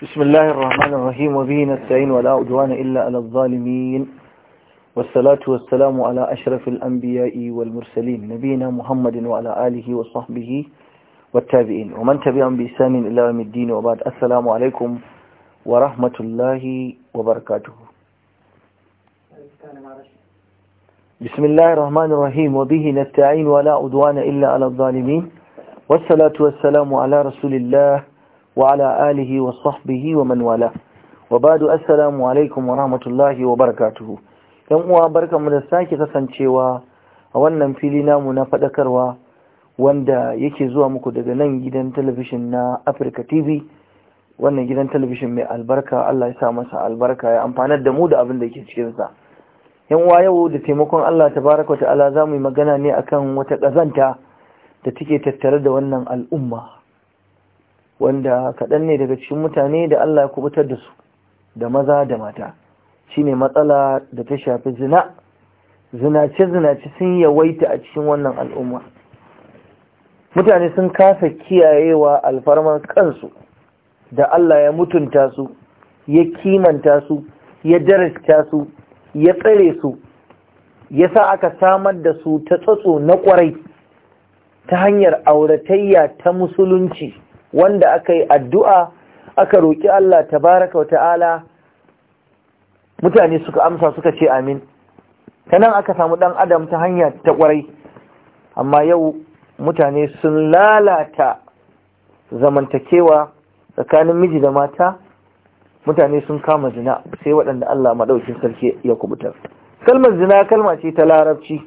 بسم الله الرحمن الرحيم وبه نستعين ولا أدوان إلا على الظالمين والصلاة والسلام على أشرف الأنبياء والمرسلين نبينا محمد وعلى آله وصحبه والتابعين ومن تبعهم بإسان إلا يوم الدين وبعد السلام عليكم ورحمة الله وبركاته بسم الله الرحمن الرحيم وبه نستعين ولا أدوان إلا على الظالمين والصلاة والسلام على رسول الله Wa'ala وعلى آله وصحبه ومن Wabadu assalamu alaikum عليكم ورحمة wa وبركاته yan uwa mu da sake kasancewa a wannan fili namu na faɗakarwa wanda yake zuwa muku daga nan gidan talabishin na Africa TV wannan gidan talabishin mai albarka Allah ya sa masa albarka ya amfanar da mu da abin da yake cikin sa yan uwa yau da taimakon Allah tabaraka za mu yi magana ne akan wata kazanta da take tattare da wannan al'umma wanda kaɗan ne daga cikin mutane da Allah ya kubutar da su da maza da mata shine matsala da ta shafi zina zinace zinace sun yawaita a cikin wannan al'umma mutane sun kasa kiyayewa alfarman kansu da Allah ya mutunta su ya kimanta su ya darasta su ya tsare su ya sa aka samar da su ta tsatso na kwarai ta hanyar auratayya ta musulunci wanda aka yi addu'a aka roƙi Allah tabaraka wa ta'ala mutane suka amsa suka ce amin ta nan aka samu ɗan adam ta hanya ta ƙwarai amma yau mutane sun lalata zamantakewa tsakanin miji da mata mutane sun kama zina sai waɗanda Allah maɗaukin sarki ya kubutar kalmar zina kalma ce ta larabci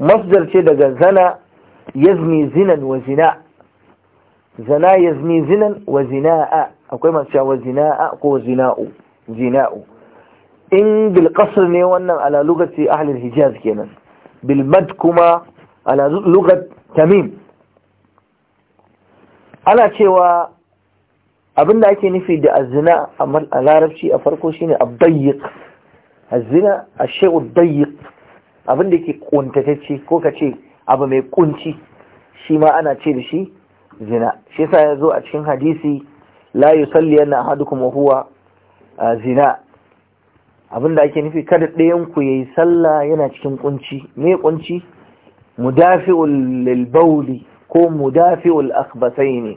masdar ce daga zana yazmi zinan wa zina zana yazni zinan wa zina'a akwai masu cewa wa zina'a ko zina'u zina'u in bil ne wannan ala lugati ahli hijaz kenan Bilmad kuma ala lugat tamim ana cewa abinda ake nufi da azina a larabci a farko shine abdayyiq azina ashe'u dayyiq abinda ke kuntatacce ko kace abu mai kunci shi ma ana ce da shi zina shi yasa ya zo a cikin hadisi la yusalli yana ahadukum wa huwa zina abinda ake nufi kada ɗayan ku yayi sallah yana cikin kunci me kunci mudafi'ul lil bawli ko mudafi'ul akhbathaini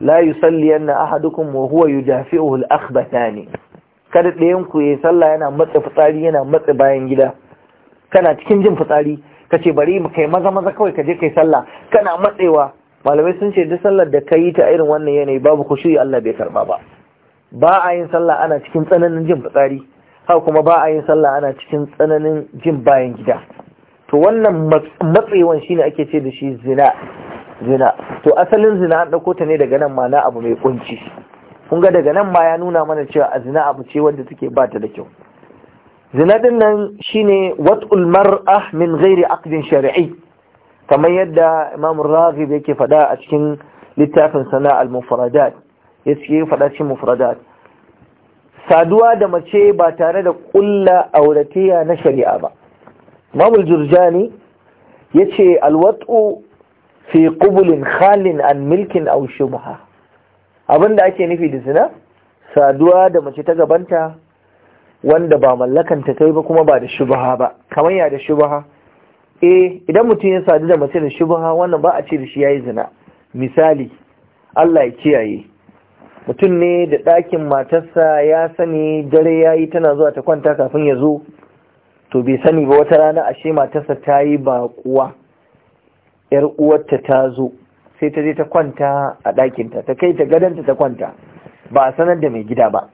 la yusalli yana ahadukum wa huwa yudafi'ul akhbathani kada ɗayan ku yayi sallah yana matsa fitsari yana matsa bayan gida kana cikin jin fitsari ka ce bari ka kai maza maza kawai ka je kai sallah kana matsewa malamai sun ce duk sallar da ka yi ta irin wannan yanayi babu ku shuyi Allah bai karba ba ba a yin sallah ana cikin tsananin jin fitsari haka kuma ba a yin sallah ana cikin tsananin jin bayan gida to wannan matsewan shine ake ce da shi zina zina to asalin zina an ɗauko ta ne daga nan ma na abu mai kunci kun ga daga nan ma ya nuna mana cewa a zina abu ce wanda take ba ta da kyau zinadin nan shine wat'ul mar'a min ghairi aqdin shari'i kamar yadda Imam Raghib yake faɗa a cikin littafin sana al-mufradat yake faɗa cikin mufradat saduwa da mace ba tare da ƙulla auratiya na shari'a ba Imam jurjani yace al-wat'u fi qubulin khalin an milkin aw shubha abinda ake nufi da zina saduwa da mace ta gabanta wanda ba mallakanta ta kai ba kuma ba da shubaha ba kamar ya da shubaha eh idan mutum ya sadu da mace da shubaha wannan ba a ce da shi yayi zina misali Allah ya kiyaye mutum ne da ɗakin matarsa ya sani dare yayi tana zuwa ta kwanta kafin ya zo to bai sani ba wata rana ashe matarsa ta yi baƙuwa ‘yar uwarta ta zo sai ta je ta kwanta a ɗakinta ta kai ta gadanta ta kwanta ba a sanar da mai gida ba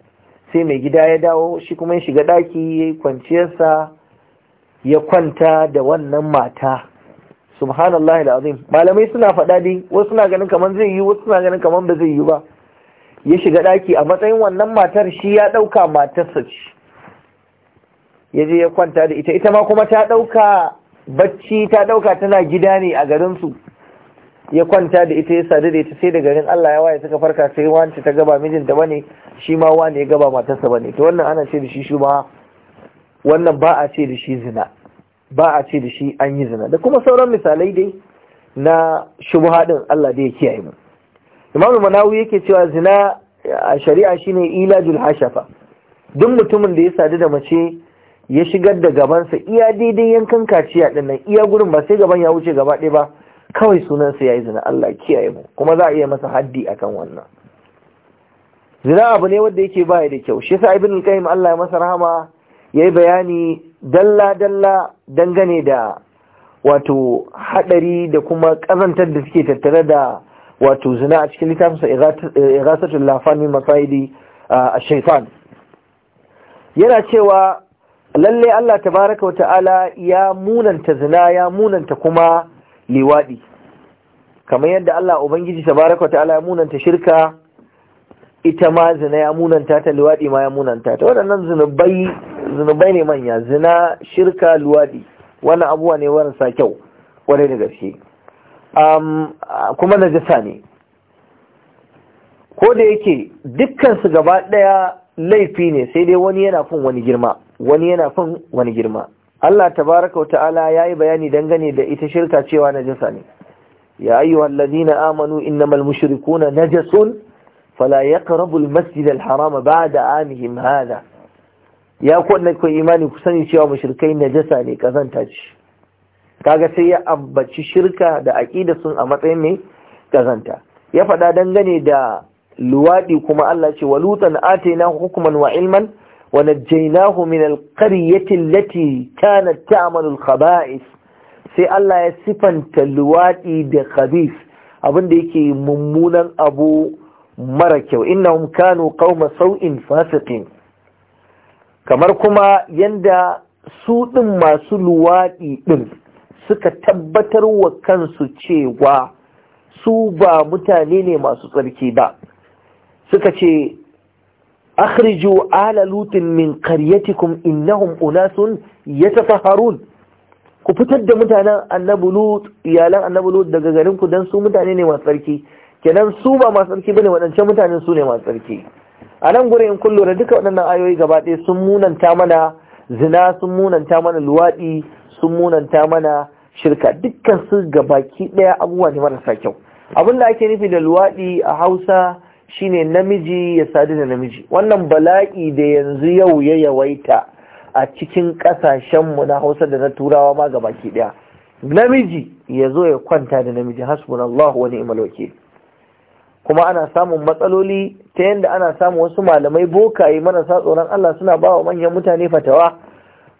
sai mai gida ya dawo shi kuma ya shiga daki, ya yi kwanciyarsa ya kwanta da wannan mata subhanallah azim malamai suna faɗa dai wasu suna ganin kamar zai yi wasu suna ganin kamar ba zai yi ba ya shiga ɗaki a matsayin wannan matar shi ya ɗauka matarsa ce ya je ya kwanta da ita ita ma kuma ta ɗauka bacci ta ɗauka tana gida ne a garinsu ya kwanta da ita ya sadu da ita sai da garin Allah ya waye suka farka sai wance ta gaba mijinta bane shi ma wani ya gaba matarsa bane to wannan ana ce da shi ba, wannan ba a ce da shi zina ba a ce da shi an yi zina da kuma sauran misalai dai na shubha din Allah da ya kiyaye mu Imam Manawi yake cewa zina a shari'a shine ilajul hashafa duk mutumin da ya sadu da mace ya shigar da gabansa iya daidai yankan kaciya dinnan iya gurin ba sai gaban ya wuce gaba ɗaya ba kawai sunansa ya yi zina Allah kiyaye mu kuma za a iya masa haddi akan wannan zina abu ne wanda yake baya da kyau shi sa ibn al-qayyim Allah ya masa rahama yi bayani dalla dalla dangane da wato hadari da kuma kazantar da suke tattare da wato zina a cikin littafinsa ighasatul lafan masaidi yana cewa lalle Allah tabaraka wa ta'ala ya munanta zina ya munanta kuma liwaɗi kamar yadda Allah Ubangiji tabaraka ta'ala ya munanta shirka ita ma zina ya munanta ta liwaɗi ma ya munanta ta waɗannan zunubai ne manya zina shirka liwaɗi. wannan abubuwa ne marasa kyau ƙwarai da gaske kuma najasa ne ko da yake dukkan su gaba ɗaya laifi ne sai dai wani yana fin wani girma wani yana fin wani girma Allah tabaraka ta'ala yi bayani dangane da ita shirka cewa najasa ne ya ayyuhal ladina amanu innamal mushrikuna najasun fala yaqrabu al harama ba'da amihim hada ya kunna ku imani ku sani cewa mushrikai najasa ne kazanta ce kaga sai ya ambaci shirka da aqida sun a matsayin mai kazanta ya faɗa dangane da luwaɗi kuma Allah ce walutan atayna hukman wa ilman ونجيناه من القرية التي كانت تعمل الخبائث sai Allah ya sifanta luwaɗi da khabith abinda yake mummunan abu mara kyau innahum kanu kauma sau'in fasiqin kamar kuma yanda su ɗin masu luwaɗi ɗin suka tabbatar wa kansu cewa su ba mutane ne masu tsarki ba suka ce akhriju ala lutin min qaryatikum innahum unasun yatafaharun ku fitar da mutanen annabi lut iyalan annabi lut daga garin ku dan su mutane ne masu tsarki kenan su ba masu tsarki bane wadancan mutanen su ne masu tsarki a nan gurin in kullu da duka waɗannan ayoyi gaba ɗaya sun munanta mana zina sun munanta mana luwaɗi sun munanta mana shirka dukkan su gabaki ɗaya abubuwa ne marasa kyau abin da ake nufi da luwaɗi a hausa shine namiji ya sadu da namiji wannan bala'i da yanzu yau ya yawaita a cikin kasashenmu na hausa da na turawa ma gaba ke daya namiji ya zo ya kwanta da namiji hasbun wa wani wakil kuma ana samun matsaloli ta yadda ana samun wasu malamai bokaye marasa tsoron Allah suna ba wa manyan mutane fatawa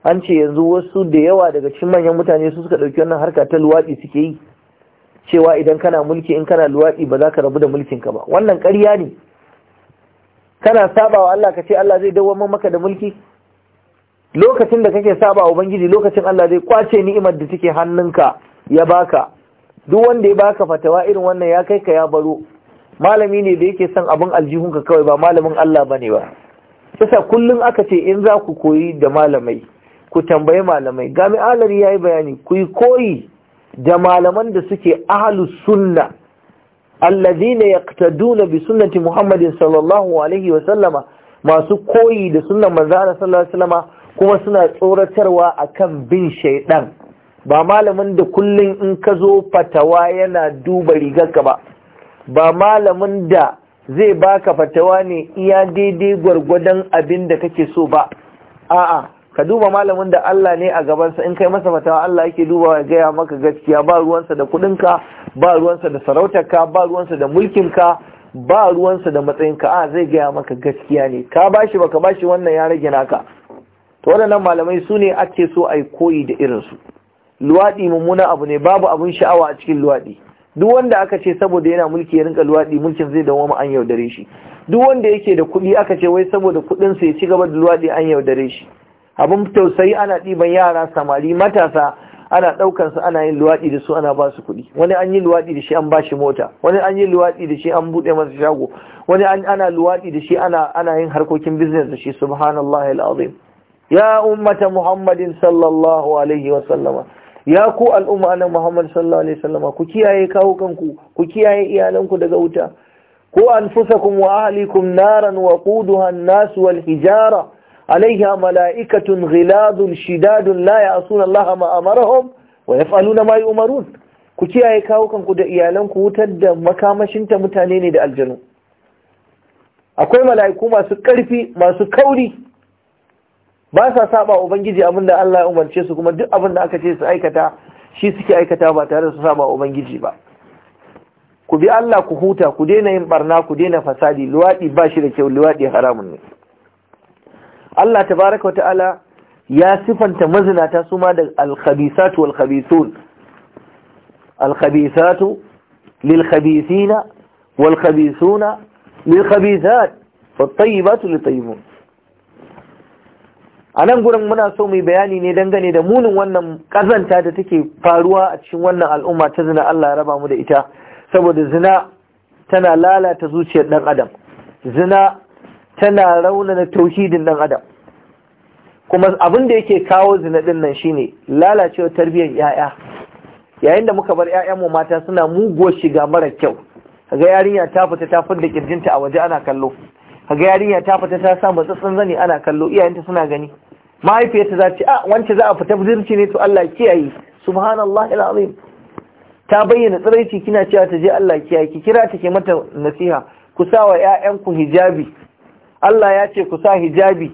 an ce yanzu wasu da yawa daga cikin manyan mutane su suka ɗauki wannan harka ta luwaɗi suke yi cewa idan kana mulki in kana luwaɗi ba za ka rabu da mulkinka ba wannan ƙarya ne kana sabawa Allah ka ce Allah zai dawwamar maka da mulki lokacin da kake sabawa wa ubangiji lokacin Allah zai kwace ni'imar da take hannunka ya baka duk wanda ya baka fatawa irin wannan ya kai ka ya baro malami ne da yake son abin ka kawai ba malamin Allah bane ba sasa kullum aka ce in za ku koyi da malamai ku tambayi malamai gami ya yi bayani ku yi koyi da malaman da suke ahalus sunna alladhina yaqtaduna bi sunnati Muhammadin sallallahu alaihi wa sallama masu koyi da sunnan manzo sallallahu alaihi wa sallama kuma suna tsoratarwa akan bin shaiɗan. ba malamin da kullun in ka zo fatawa yana duba rigarka ba ba malamin da zai baka fatawa ne iya daidai gwargwadon abin da kake so ba a'a ka duba malamin da Allah ne a gabansa in kai masa fatawa Allah yake duba ya gaya maka gaskiya ba ruwansa da kudinka ba ruwansa da sarautarka ba ruwansa da mulkinka ba ruwansa da matsayinka a zai gaya maka gaskiya ne ka bashi baka bashi wannan ya rage naka to waɗannan malamai su ne ake so a yi koyi da su. luwaɗi mummuna abu ne babu abin sha'awa a cikin luwaɗi duk wanda aka ce saboda yana mulki ya rinka luwaɗi mulkin zai dawo an yaudare shi duk wanda yake da kuɗi aka ce wai saboda kuɗinsa ya ci gaba da luwaɗi an yaudare shi abin tausayi ana ɗiban yara samari matasa ana ɗaukan su ana yin luwaɗi da su ana ba su kuɗi wani an yi luwaɗi da shi an ba shi mota wani an yi luwaɗi da shi an buɗe masa shago wani ana luwaɗi da shi ana ana yin harkokin business da shi subhanallah al'azim ya ummata muhammadin sallallahu alaihi wa sallama ya ku al'umma na muhammad sallallahu alaihi wa sallama ku kiyaye kawo kanku ku kiyaye iyalanku daga wuta ku anfusakum wa ahlikum naran wa quduha an-nas wal hijara alaiha mala'ikatun ghiladun shidadun la ya'suna Allah ma amarahum wa yaf'aluna ma yu'marun ku kiyaye kawo kanku da iyalanku wutar da makamashinta mutane ne da aljanu akwai mala'iku masu ƙarfi masu kauri ba sa saba ubangiji abinda Allah ya umarce su kuma duk abin aka ce su aikata shi suke aikata ba tare da su saba ubangiji ba ku bi Allah ku huta ku daina yin ɓarna ku daina fasadi luwaɗi ba shi da kyau luwaɗi haramun ne Allah tabaraka wa ta'ala ya sifanta mazinata su ma da alkhabisatu wal alkhabisatu lil khabisina wal khabisuna lil khabisat wat tayyibatu lit tayyibun anan gurin muna so mu bayani ne dangane da munin wannan kazanta da take faruwa a cikin wannan al'umma ta zina Allah ya raba mu da ita saboda zina tana lalata zuciyar dan adam zina tana raunana tauhidin dan adam kuma abin da yake kawo zina din nan shine lalacewa tarbiyyar yaya yayin da muka bar yayanmu mata suna mugo shiga mara kyau kaga yarinya ta fita ta fidda kirjinta a waje ana kallo kaga yarinya ta fita ta sa matsatsin zani ana kallo iyayenta suna gani mahaifiyarta za ce a ah, wance za a fita budurci ne to Allah kiyaye subhanallahi alazim ta bayyana tsiraici kina cewa ta je Allah kiyaye ki kira take mata nasiha ku sa wa 'ya'yanku hijabi Allah ya ce ku sa hijabi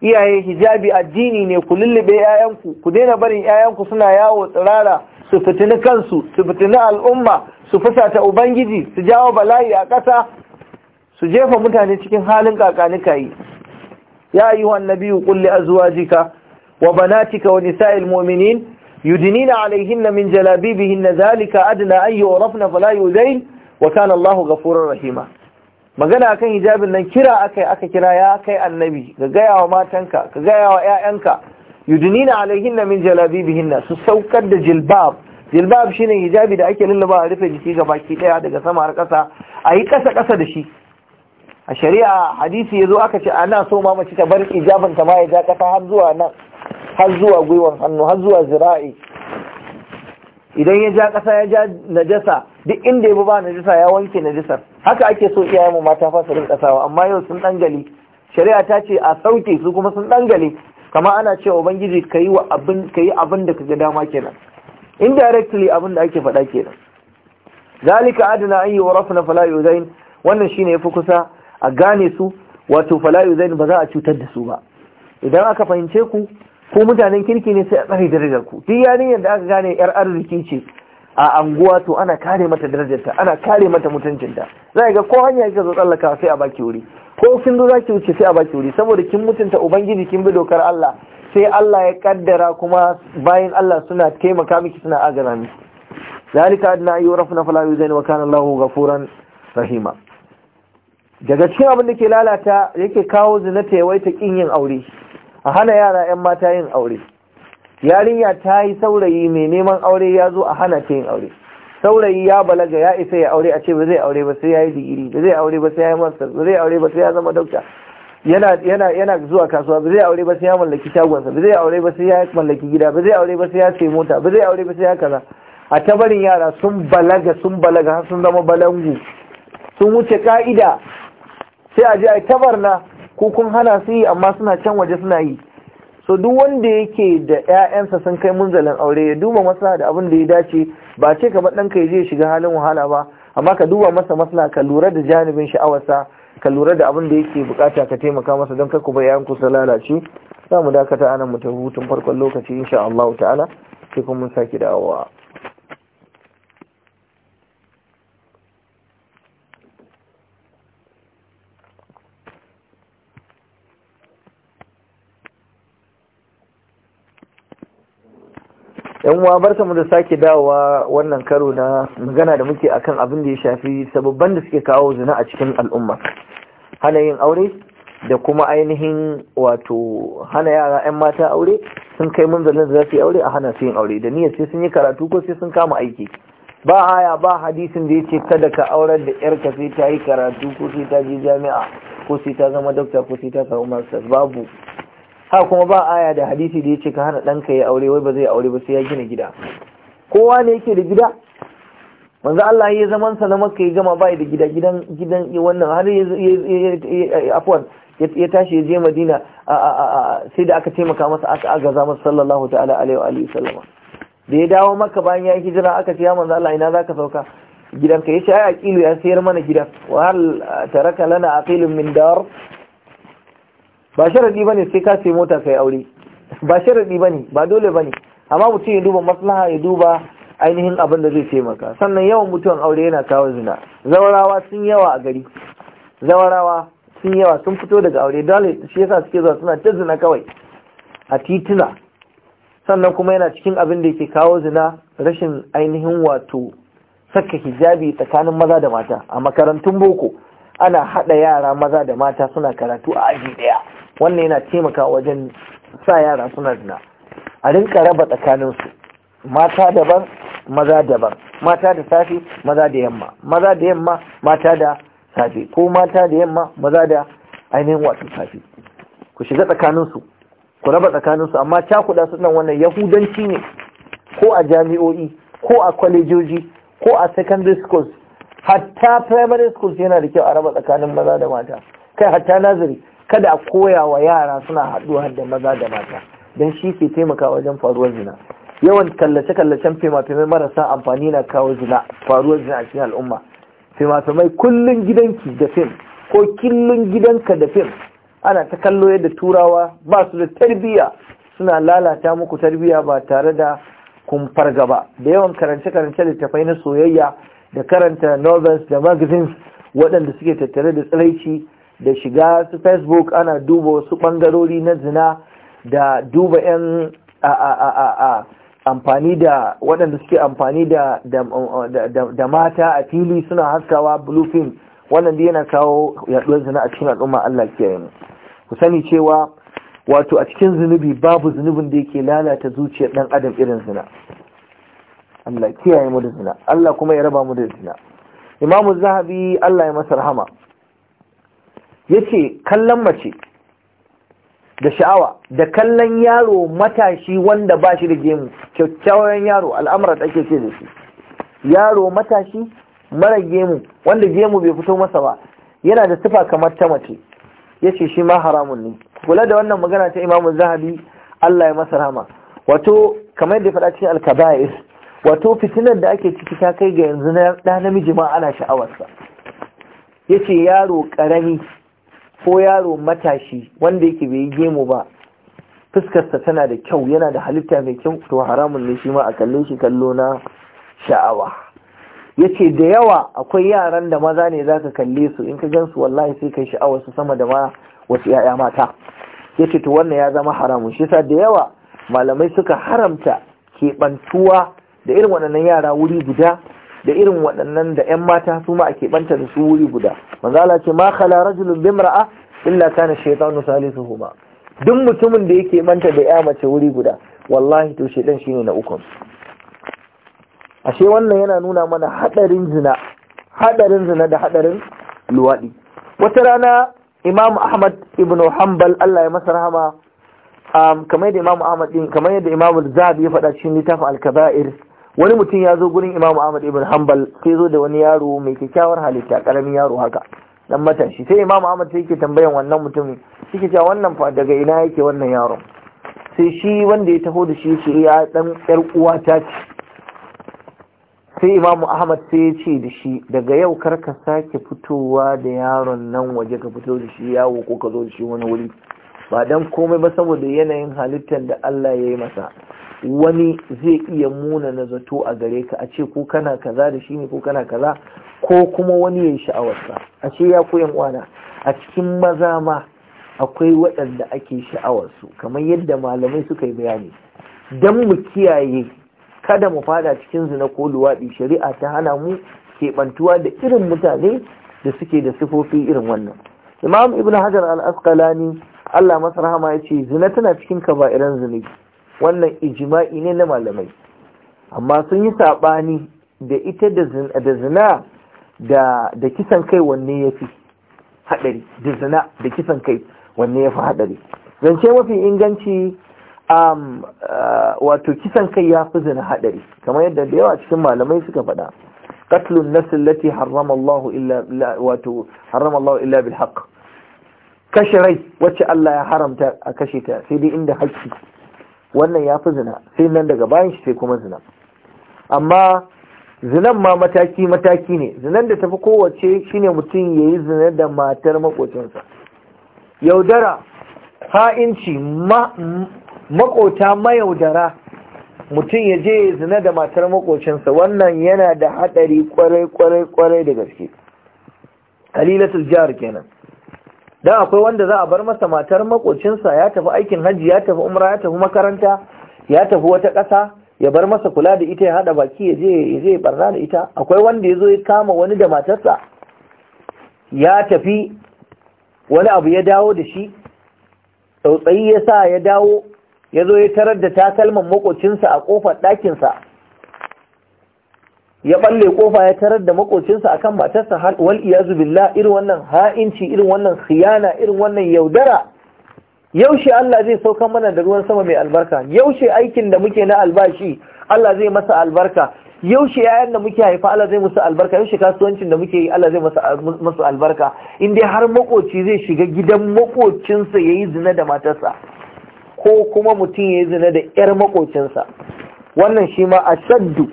iyaye hijabi addini ne ku lullube 'ya'yanku ku daina barin 'ya'yanku suna yawo tsirara su fitini kansu su fitini al'umma su fusata ubangiji su jawo bala'i a ƙasa su jefa mutane cikin halin kakanika yi ya ayyuha annabiyyu qul li azwajika wa banatika wa nisa'il mu'minin yudnina 'alayhinna min jalabibihinna zalika adna an yu'rafna fala yuzain wa kana Allahu ghafurur rahima magana akan hijabin nan kira akai aka kira ya kai annabi ga gaya wa matanka ka gaya wa ƴaƴanka alaihin na min na, su saukar da jilbab jilbab shine hijabi da ake lullaba a rufe jiki ga baki daya daga sama har kasa a yi kasa kasa da shi a shari'a hadisi ya zo aka ce ana so ma mace ta bar hijabin ta ma ya ja kasa har zuwa nan har zuwa gwiwan hannu har zuwa zira'i idan ya ja ƙasa ya ja najasa duk inda ya ba najasa ya wanke najasar haka ake so iyayen mu mata su rin ƙasawa amma yau sun ɗangale. shari'a ta ce a sauke su kuma sun ɗangale. kama ana cewa ubangiji ka yi abin ka ga dama kenan indirectly abin da ake faɗa kenan zalika adana an yi warafna fala yuzain wannan shine yafi kusa a gane su wato fala yuzain ba za a cutar da su ba idan aka fahimce ku ko mutanen kirki ne sai a tsare darajar ku duk yarinyar da aka gane yar arziki ce a anguwa to ana kare mata darajarta ana kare mata mutuncinta za ga ko hanya kika zo tsallaka sai a baki wuri ko kin zo zaki wuce sai a baki wuri saboda kin mutunta ubangiji kin bi dokar Allah sai Allah ya kaddara kuma bayan Allah suna taimaka miki suna agana miki zalika adna yurafna fala yuzain wa kana Allahu ghafuran rahima daga cikin abin da ke lalata yake kawo zina ta yawaita kin yin aure a hana yara 'yan mata yin aure yarinya ta yi saurayi mai neman aure ya zo a hana ta yin aure saurayi ya balaga ya isa ya aure a ce ba zai aure ba sai ya yi digiri ba zai aure ba sai ya yi master ba zai aure ba sai ya zama dokta yana zuwa kasuwa ba zai aure ba sai ya mallaki shagonsa ba zai aure ba sai ya mallaki gida ba zai aure ba sai ya sai mota ba zai aure ba sai ya kaza a tabarin yara sun balaga sun balaga sun zama balangu sun wuce ka'ida sai a je a tabarna ko kun hana su yi amma suna can waje suna yi so duk wanda yake da 'ya'yansa sun kai munzalin aure ya duba masa da abin da ya dace ba ce ka ɗanka ya je shiga halin wahala ba amma ka duba masa masla, ka lura da janibin sha'awarsa ka lura da abin da yake bukata ka taimaka masa don kar ku bar 'ya'yanku su lalace za mu dakata anan mu ta hutun farkon lokaci insha Allah ta'ala sai kuma mun sake dawowa yan uwa bar mu da sake dawowa wannan karo na magana da muke akan abin da ya shafi sababban da suke kawo zina a cikin al'umma hana yin aure da kuma ainihin wato hana yara 'yan mata aure sun kai munzalin da za su yi aure a hana su yin aure da niyyar sai sun yi karatu ko sai sun kama aiki ba haya ba hadisin da ya ce kada ka aurar da yarka sai ta yi karatu ko sai ta je jami'a ko sai ta zama dokta ko sai ta samu masters babu ha kuma ba aya da hadisi da ya ce ka hana ɗanka ya aure wai ba zai aure ba sai ya gina gida kowa ne yake da gida manzo Allah ya zaman sa na Makka ya gama bai da gida gidan gidan wannan har afwan ya tashi ya je Madina sai da aka taimaka masa aka agaza masa sallallahu ta'ala alaihi wa alihi da ya dawo Makka bayan ya yi hijira aka ce ya manzo Allah ina zaka sauka gidanka yace ai aqilu ya sayar mana gida wa hal taraka lana aqilun min dar ba sharadi bane sai ka sai mota kai aure ba sharadi bane ba dole bane amma mutum ya duba maslaha ya duba ainihin abin da zai taimaka sannan yawan mutuwan aure yana kawo zina zawarawa sun yawa a gari zawarawa sun yawa sun fito daga aure dole shi yasa suke zuwa suna ta zina kawai a tituna sannan kuma yana cikin abin da yake kawo zina rashin ainihin wato saka hijabi tsakanin maza da mata a makarantun boko ana haɗa yara maza da mata suna karatu a aji ɗaya wannan yana taimaka wajen sa yara suna zina a rinka raba tsakaninsu mata daban maza daban mata da safe maza da yamma maza da yamma mata da safe ko mata da yamma maza da ainihin wato safe ku shiga tsakaninsu ku raba tsakaninsu amma cakuɗa su nan wannan yahudanci ne ko a jami'o'i ko a kwalejoji ko a secondary schools hatta primary schools yana da kyau a raba tsakanin maza da mata kai hatta nazari kada a koya wa yara suna haɗuwa da maza da mata don shi ke taimaka wajen faruwar zina yawan kallace-kallacen fimafimai marasa amfani na kawo zina faruwar zina a cikin al'umma fimafimai kullum gidanki da fim ko kullum gidanka da fim ana ta kallo yadda turawa ba su da tarbiyya suna lalata muku tarbiyya ba tare da kumfar gaba. da yawan karance-karance littattafai na soyayya da karanta novels da magazines waɗanda suke tattare da tsiraici da shiga su facebook ana duba wasu ɓangarori na zina da duba 'yan amfani da waɗanda suke amfani da mata a fili suna haskawa bluefin wannan yana kawo yaɗuwar zina a cikin al'umma Allah kiyaye ku sani cewa wato a cikin zunubi babu zunubin da yake lalata zuciyar ɗan adam irin zina Allah kiyaye mu da zina Allah kuma ya raba mu da zina Imam Zahabi Allah ya masa rahama yace kallon mace da sha'awa da kallon yaro matashi wanda ba shi da gemu kyakkyawan yaro al'amura da ake ce da shi yaro matashi mara gemu wanda gemu bai fito masa ba yana da sifa kamar ta mace yace shi ma haramun ne kula da wannan magana ta Imam Zahabi Allah ya masa rahama wato kamar yadda faɗa cikin al wato fitinar da ake ciki ta kai ga yanzu na ɗa namiji ma ana sha'awarsa ya ce yaro ƙarami ko yaro matashi wanda yake bai yi gemu ba fuskarsa tana da kyau yana da halitta mai kyau to haramun ne shi ma a kalle shi kallo na sha'awa ya ce da yawa akwai yaran da maza ne za ka kalle su in ka gan su wallahi sai kai sha'awar su sama da ma wasu 'ya'ya mata ya ce to wannan ya zama haramun shi sa da yawa malamai suka haramta keɓantuwa da irin waɗannan yara wuri guda da irin waɗannan da 'yan mata su ma a keɓanta da su wuri guda manzala ce ma khala rajulun bimra'a illa kana shaytanu salisuhuma duk mutumin da yake manta da ya mace wuri guda wallahi to shaitan shine na ukun ashe wannan yana nuna mana hadarin zina hadarin zina da hadarin luwadi wata rana imam ahmad ibn hanbal Allah ya masa rahama um, kamar yadda imam ahmad din kamar yadda imam zabi ya faɗa cikin littafin al-kaba'ir wani mutum ya zo gurin Imam Ahmad ibn Hanbal sai zo da wani yaro mai kyakkyawar halitta karamin yaro haka dan matashi sai Imam Ahmad sai yake tambayan wannan mutumin yake cewa wannan fa daga ina yake wannan yaro sai shi wanda ya taho da shi ce ya dan yar uwa ta ce sai Imam Ahmad sai ya ce da shi daga yau kar ka sake fitowa da yaron nan waje ka fito da shi yawo ko ka zo da shi wani wuri ba dan komai ba saboda yanayin halittar da Allah ya yi masa wani zai iya muna na zato a gare ka a ce ko kana kaza da shi ne ko kana kaza ko kuma wani ya yi sha'awarsa a ce ya koyan uwana a cikin maza ma akwai waɗanda ake sha'awarsu kamar yadda malamai suka yi bayani don mu kiyaye kada mu fada cikin zina ko luwaɗi shari'a ta hana mu keɓantuwa da irin mutane da suke da sifofi irin wannan imam ibn hajar al-asqalani Allah masa rahama ya ce zina tana cikin kaba'iran zunubi wannan ijima'i ne na malamai amma sun yi saɓani da ita da zina da kisan kai wanne ya fi haɗari da zina da kisan kai wanne ya fi haɗari zance mafi inganci uh, wato kisan kai ya fi zina haɗari kamar yadda da yawa cikin malamai suka faɗa Katlun nafs allati harrama Allah illa wato bil kashe rai wacce Allah ya haramta a kashe ta sai dai inda haƙƙi wannan ya fi zina sai nan daga bayan shi sai kuma zina amma zinan ma mataki-mataki ne zinan da tafi kowace shine mutum ya yi zina da matar makocinsa yaudara ha'inci makota mayaudara mutum ya je zina da matar makocinsa wannan yana da haɗari kwarai-kwarai-kwarai da gaske halilatul jihar kenan dan akwai wanda za a bar masa matar makocinsa ya tafi aikin hajji ya tafi umra ya tafi makaranta ya tafi wata ƙasa ya bar masa kula da ita ya haɗa baki ya je ya je barna da ita akwai wanda ya zo ya kama wani da matarsa ya tafi wani abu ya dawo da shi tsautsayi ya sa ya dawo ya zo ya tarar da takalman makocinsa a kofar ɗakinsa ya balle kofa ya tarar da makocinsa akan matarsa wal iyazu billah irin wannan ha'inci irin wannan khiyana irin wannan yaudara yaushe Allah zai sauka mana da ruwan sama mai albarka yaushe aikin da muke na albashi Allah zai masa albarka yaushe yayan da muke haifa Allah zai musu albarka yaushe kasuwancin da muke yi Allah zai masa albarka in dai har makoci zai shiga gidan makocinsa yayi zina da matarsa ko kuma mutum yayi zina da yar makocinsa wannan shi ma ashaddu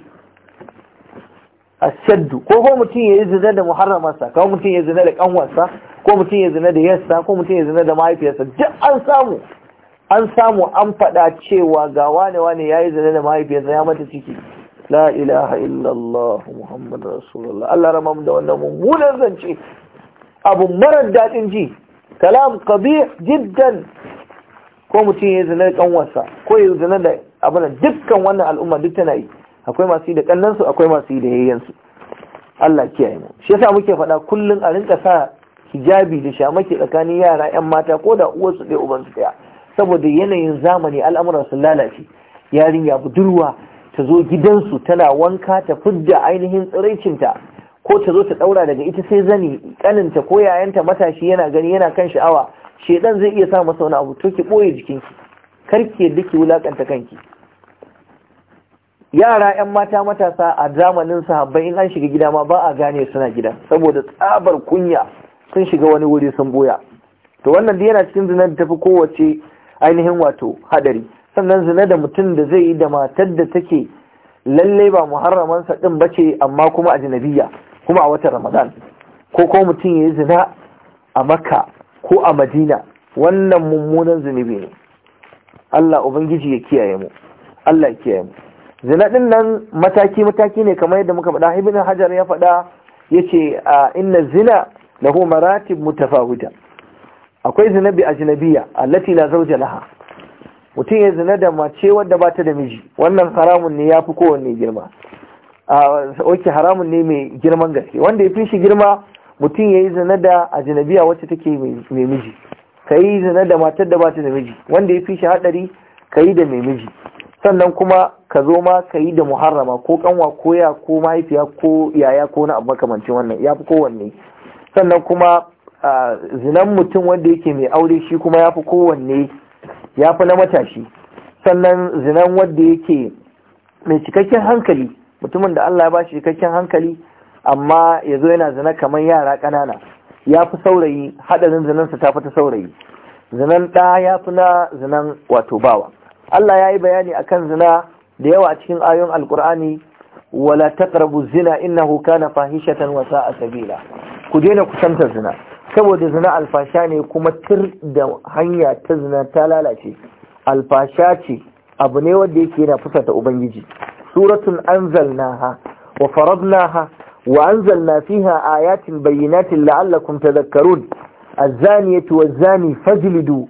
ashaddu ko ko mutum ya yi zina da muharramarsa ko mutum ya zina da kanwarsa ko mutum ya zina da yarsa ko mutum ya zina da mahaifiyarsa duk an samu an samu an faɗa cewa ga wane wane ya yi zina da mahaifiyarsa ya mata ciki la ilaha illallah muhammad rasulullah Allah rama da wannan mummunan zance abu marar daɗin ji kalam qabih jiddan ko mutum ya zina da kanwarsa ko ya zina da abin dukkan wannan al'umma duk tana yi akwai masu yi da kannansu akwai masu yi da yayyansu Allah kiyaye mu shi yasa muke faɗa kullun a rinka sa hijabi da shamaki tsakanin yara yan mata ko da uwarsu ɗaya uban ɗaya saboda yanayin zamani al'amuran sun lalace yarinya budurwa ta zo gidansu tana wanka ta fidda ainihin tsiraicinta ko ta zo ta ɗaura daga ita sai zani kaninta ko yayanta matashi yana gani yana kan sha'awa shedan zai iya sa masa wani abu to ki ɓoye jikinki kar ki yadda ki wulakanta kanki yara 'yan mata matasa a zamanin sahabbai in an shiga gida ma ba a gane suna gida saboda tsabar kunya sun shiga wani wuri sun boya to wannan dai yana cikin zina da tafi kowace ainihin wato hadari sannan zina da mutum da zai yi da matar da take lalle ba muharramansa din bace amma kuma a janabiya kuma a watan ramadan ko ko mutum ya yi zina a makka ko a madina wannan mummunan zunubi ne Allah Ubangiji ya kiyaye mu Allah ya kiyaye mu zina ɗin nan mataki mataki ne kamar yadda muka faɗa ibn hajar ya faɗa ya ce a inna zina hu maratib mutafahuta akwai zina bi ajnabiyya allati la zawja laha mutum ya zina da mace wadda ba ta da miji wannan haramun ne ya fi kowanne girma oke haramun ne mai girman gaske wanda ya fi shi girma mutum ya yi zina da jinabiya wacce take mai miji ka yi zina da matar da ba ta da miji wanda ya fi shi haɗari ka yi da mai miji sannan kuma ka zo ma ka yi da muharrama ko kanwa ko ya ko mahaifiya ko yaya ko na abu makamancin wannan ya fi kowanne sannan kuma zinan mutum wanda yake mai aure shi kuma ya fi kowanne ya fi na matashi sannan zinan wanda yake mai cikakken hankali mutumin da Allah ya ba shi cikakken hankali amma ya zo yana zina kamar yara ƙanana ya fi saurayi haɗarin zinansa ta fi ta saurayi zinan ɗa ya fi na zinan wato bawa Allah ya yi bayani a kan zina da yawa a cikin ayon alkur'ani wala taqrabu zina innahu kana fahishatan wa sa'a sabila ku daina kusantar zina saboda zina alfasha ne kuma tir da hanya ta zina ta lalace alfasha ce abu ne wanda yake yana ta ubangiji suratun anzalnaha wa faradnaha wa anzalna fiha ayatin bayyinatin la'allakum tadhakkarun الزانية والزاني فاجلدوا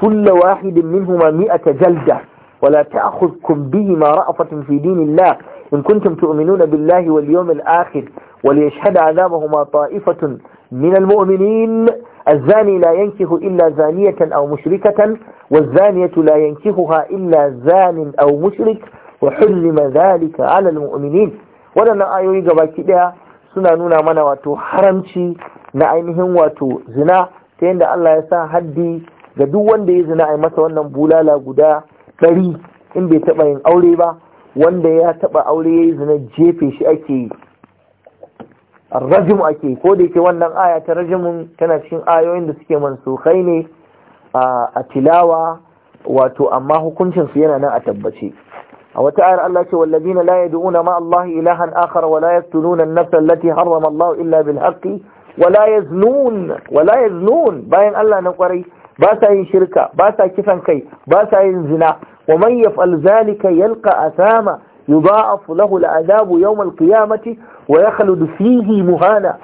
كل واحد منهما مئة جلدة ولا تأخذكم بهما رأفة في دين الله إن كنتم تؤمنون بالله واليوم الآخر وليشهد عذابهما طائفة من المؤمنين الزاني لا ينكه إلا زانية أو مشركة والزانية لا ينكهها إلا زان أو مشرك وحرم ذلك على المؤمنين ولنا آيوي gabaki daya suna nuna mana wato haramci na ainihin زنا zina ta yadda ga duk wanda ya zina a masa wannan bulala guda ɗari in bai taɓa yin aure ba wanda ya taɓa aure ya yi zina jefe shi ake yi rajim ake ko da yake wannan aya ta rajimin tana cikin ayoyin da suke mansukai ne a tilawa wato amma hukuncin su yana nan a tabbace a wata ayar Allah ce wallazina la yad'una ma Allah ilahan akhar wa la yaqtuluna an-nafs allati harrama Allah illa bil haqqi wa la yaznun wa la yaznun bayan Allah na kwarai ba sa yin shirka ba sa kisan kai ba sa yin zina wa man yaf'al zalika yalqa asama يضاعف له العذاب wa ya ويخلد fihi muhana.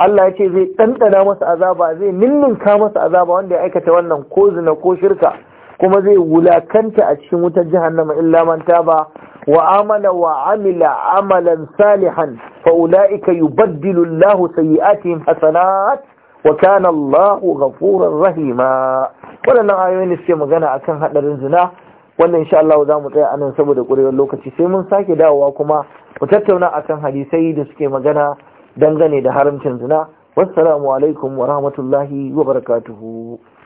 Allah ya ce zai ɗanɗana masa azaba zai ninninka masa azaba wanda ya aikata wannan ko zina ko shirka kuma zai wulakanta a cikin wutar jahannama illa man taba wa amana wa amila amalan salihan fa ulaika yubaddilu Allahu sayyi'atihim hasanat wa kana Allahu ghafurur rahima wannan ayoyin suke magana akan hadarin zina wannan insha Allah za mu tsaya anan saboda ƙurewar lokaci sai mun sake dawowa kuma mu tattauna akan hadisai da suke magana dangane da haramcin zina wassalamu alaikum wa rahmatullahi wa barakatuhu